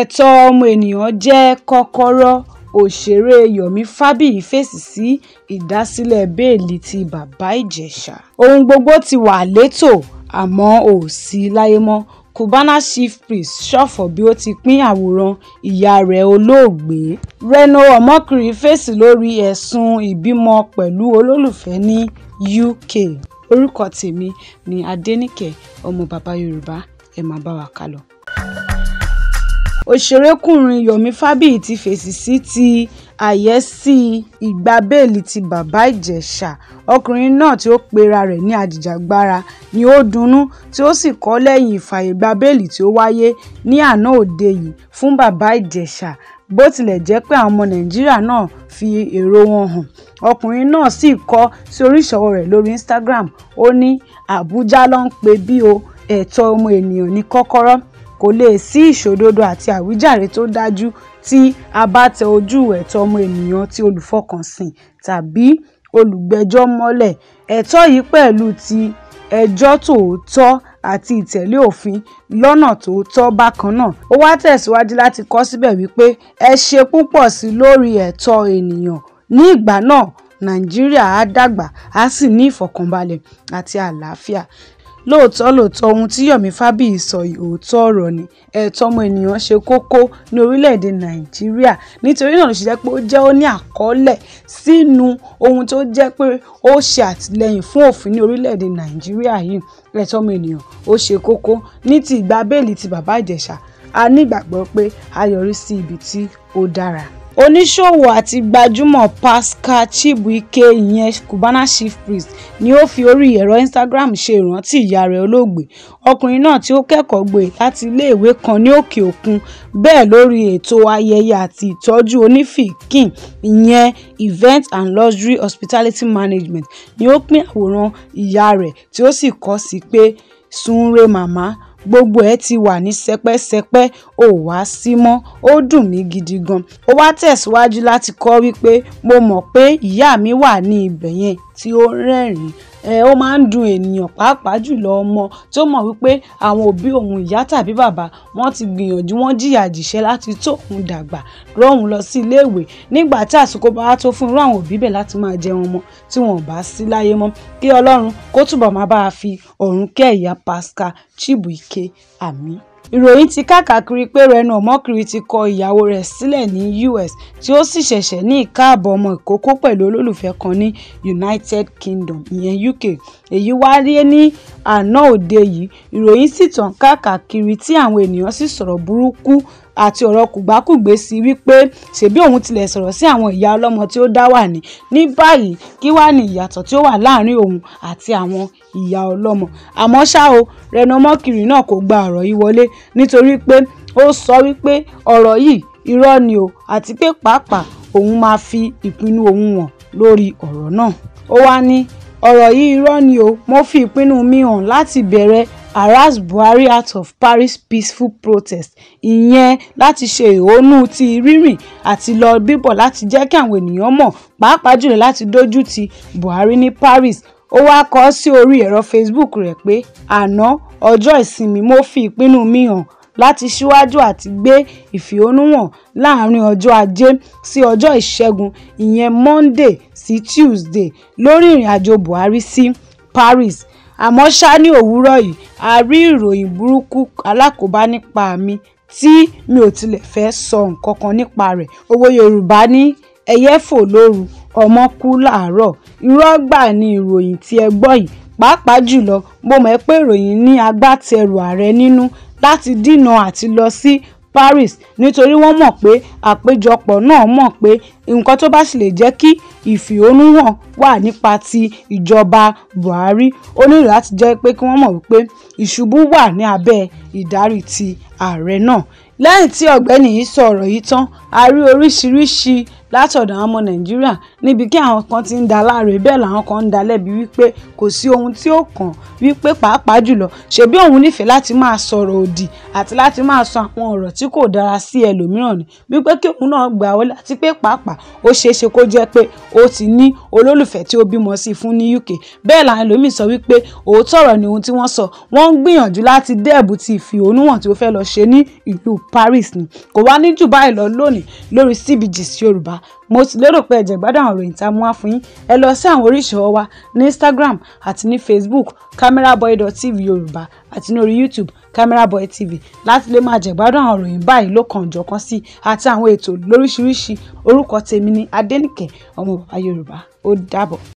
ẹ̀tọ́ ọmọnìyàn jẹ́ kọ́kọ́rọ́ òṣèré yomi fábíyì fèsì sí ìdásílẹ̀ bẹ́ẹ́lí ti bàbá ìjẹ̀sà ohun gbogbo ti wà létò àmọ́ ó sì láyé mọ́ cubana chief priest ṣọ̀fọ̀ bí ó ti pín àwòrán ìyá rẹ̀ olóògbé reno omokri fèsì lórí ẹ̀sùn ìbímọ pẹ̀lú olólùfẹ́ ní uk orúkọ tèmi ní adẹnìke ọmọ bàbá yorùbá ẹ máa bá wa kálọ òṣèrékùnrin yomi fábíyì ti fèsì sí ti àyẹ́sí ìgbà bẹ́ẹ́lí ti bàbá ìjẹ̀sà ọkùnrin náà tí ó pera rẹ̀ ní ajìjàgbara ni ó dunnú tí ó sì kọ̀ lẹ́yìn ìfàyègbà bẹ́ẹ́lí tí ó wáyé ní àná òde yìí fún bàbá ìjẹ̀sà bó tilẹ̀ jẹ́ pé àwọn ọmọ nàìjíríà náà fi èrò wọn hàn ọkùnrin náà sì kọ sí orí ìṣòwò rẹ̀ lórí instagram ó ní àbújá ló ń pè bí o ẹ̀tọ́ ọmọ ènìyàn ní kọ́kọ́rọ́ kò lè sí ìṣòdodo àti àwíjàre tó dájú tí a bá tẹ ojú ẹ̀tọ́ ọmọ ènìyàn ti olùfọkànsìn tàbí olùgbẹ́jọ́ mọ́lẹ̀ ẹ̀tọ́ yìí pẹ̀lú ti ẹjọ́ tòótọ́ àti ìtẹ̀lé òfin lọ́nà tó tọ́ bákan náà. ó wá tẹ̀síwájú láti kọ síbẹ̀ wípé ẹ ṣe púpọ̀ sí lórí ẹ̀tọ́ ènìyàn ní ìgbà náà nàìjíríà á dàgbà á sì ní ìfọ̀kànbalẹ̀ àti àlàáfíà lóòótọ́ lóòótọ́ ohun tí Yomi Fabi sọ yìí òótọ́ ọ̀rọ̀ ni ẹ̀tọ́ ọmọ ènìyàn ṣe kókó ní orílẹ̀-èdè Nàìjíríà nítorí náà ló ṣe jẹ́ pé ó jẹ́ ó ní àkọọ́lẹ̀ sínú ohun tó jẹ́ pé ó ṣe àtìlẹ́yìn fún òfin ní orílẹ̀-èdè Nàìjíríà yìí ẹ̀tọ́ ọmọ ènìyàn ó ṣe kókó ní ti ìgbà bẹ́ẹ̀lì ti bàbá Ìjẹ̀ṣà a nígbàgbọ́ pé a yọrí sí ibi tí ó dára oníṣòwò àti gbajúmọ̀ pascal chibuike ìyẹn cubana chief priest ni ó fi orí ẹ̀rọ instagram ṣe ìrántí ìyá rẹ̀ olóògbé ọkùnrin náà tí ó kẹ́kọ̀ọ́ gboyè láti iléèwé kan ní òkè òkun bẹ́ẹ̀ lórí ètò ayẹyẹ àti ìtọ́jú onífìkìn ìyẹn event and luxury hospitality management ni ó pín àwòrán ìyá rẹ̀ tí ó sì kọ sí pé sunre mama gbogbo ẹ̀ ti wà ní sẹpẹ́sẹpẹ́ ò wá sí mọ́ ó dùn mí gidi gan ó wá tẹ̀síwájú láti kọ wípé mo mọ̀ pé ìyá mi wà ní ibẹ̀ yẹn tí ó rẹ́rìn-ín ó máa ń dùn ènìyàn pàápàá jùlọ ọmọ tó mọ̀ wípé àwọn òbí òun ìyá tàbí bàbá wọn ti gbìyànjú wọn jìyà jìṣẹ́ láti tó òun dàgbà rọ́ọ̀hún lọ sí iléèwé nígbà tí àsìkò bá tó fún irú àwọn òbí bẹ́ẹ̀ láti máa jẹun mọ́ tí wọn ò bá sí láyé mọ́ kí ọlọ́run kó túbọ̀ máa bá a fi ọ̀run kẹ́ ìyá Pascal Chibuike àmín ìròyìn ti káàkiri pé reno omokri ti kọ ìyàwó rẹ̀ sílẹ̀ ní us tí ó sì ṣẹ̀ṣẹ̀ ní ìkáàbọ̀ ọmọ ìkókó pẹ̀lú olólùfẹ́ kan ní united kingdom ìyẹn uk èyí wáyé ní àná òde yìí ìròyìn sì tàn káàkiri tí àwọn ènìyàn sì sọ̀rọ̀ burúkú àti ọ̀rọ̀ kùgbákùgbé sí wípé ṣebí òun tilẹ̀ sọ̀rọ̀ sí àwọn ìyá ọlọ́mọ tí ó dá wà ní ní báyìí kí wàá ní ìyàtọ̀ tí ó wà láàrin òun àti àwọn ìyá ọlọ́mọ àmọ́ ṣá o Rẹ̀nọmọ́kìrì náà kò gba ọ̀rọ̀ yìí wọlé nítorí pé ó sọ wípé ọ̀rọ̀ yìí irọ́ ni o àti pé pàápàá òun máa fi ìpinnu òun hàn lórí ọ̀rọ̀ náà ó wá ní ọ̀rọ̀ yìí irọ́ ni o mo fi ìpinnu mi hàn láti bẹ̀rẹ̀ harass buhari out of paris peaceful protest ìyẹn láti ṣe ìhónú ti rírìn àti lọ bíbọ̀ láti jẹ́ kí àwọn ènìyàn mọ̀ pàápàá jùlọ láti dójú ti buhari ní paris ó wáá kọ ọ́ sí orí ẹ̀rọ facebook rẹ̀ pé àná ọjọ́ ìsinmi mo fi ìpinnu mi hàn láti ṣíwájú àti gbé ìfẹ̀hónúhàn láàrin ọjọ́ ajé sí ọjọ́ ìṣẹ́gun ìyẹn monday sí tuesday lórí ìrìn àjò buhari sí paris àmọ́ ṣá ní òwúrọ̀ yìí a rí ìròyìn burúkú alákòóbá nípa mi tí mi ò tilẹ̀ fẹ́ sọ nǹkan kan nípa rẹ̀ òwe yorùbá ní ẹyẹ fò lóru ọmọ kú làárọ̀ irọ́ gbà ní ìròyìn tí ẹ gbọ́ yìí pàápàá jùlọ mo mọ̀ pé ìròyìn ní agbátẹrù ààrẹ nínú láti dínà àti lọ sí Paris nítorí wọ́n mọ̀ pé àpéjọpọ̀ náà mọ̀ pé nǹkan tó bá sì lè jẹ́ kí ìfìhónúhàn wà nípa ti ìjọba Buhari ó nílò láti jẹ́ pé kí wọ́n mọ̀ wípé ìṣubú wà ní abẹ́ ìdarí ti ààrẹ náà. lẹ́yìn tí ọ̀gbẹ́ni yìí sọ ọ̀rọ̀ yìí tán a rí oríṣiríṣi látọ̀dọ̀ àwọn ọmọ nàìjíríà níbi kí àwọn kan ti ń da láre bẹ́ẹ̀ làwọn kan ń da lẹ́bi wípé kò sí ohun tí ó kàn wípé pàápàá jùlọ ṣebí òun nífẹ̀ẹ́ láti máa sọ̀rọ̀ òdì àti láti máa sọ àwọn ọ̀rọ̀ tí kò dára sí ẹlòmíràn ni wípé kí òun náà gbà ó láti pé pàápàá ó ṣeé ṣe kó jẹ́ pé ó ti ní olólùfẹ́ tí ó bímọ sí fún ní UK bẹ́ẹ̀ làwọn ẹlòmíì sọ wípé òótọ́ ọ̀rọ̀ ni ohun tí wọ́n sọ wọ́n ń gbìyànjú láti dẹ́ẹ̀bù ti ìfìhónúhàn tí ó fẹ́ lọ ṣe ní ìlú Paris ni kò wá ní jù báyìí lọ lónìí lórí CBGC Yorùbá mo ti lérò pé ẹ̀jẹ̀ gbádùn àwọn ìròyìn tá a mú wá fún yín ẹ lọ sí àwọn oríṣìíwọ́ wa ní Instagram àti ní Facebook cameraboy.tv yorùbá àti ní orí YouTube cameraboy tv láti lè máa jẹ̀gbádùn àwọn ìròyìn báyìí lọ́kànjọ̀kan sí àti àwọn ètò lóríṣiríṣi orúkọ tèmi ni Adéníkẹ́ ọmọ bàbá Yorùbá ó dàbọ̀.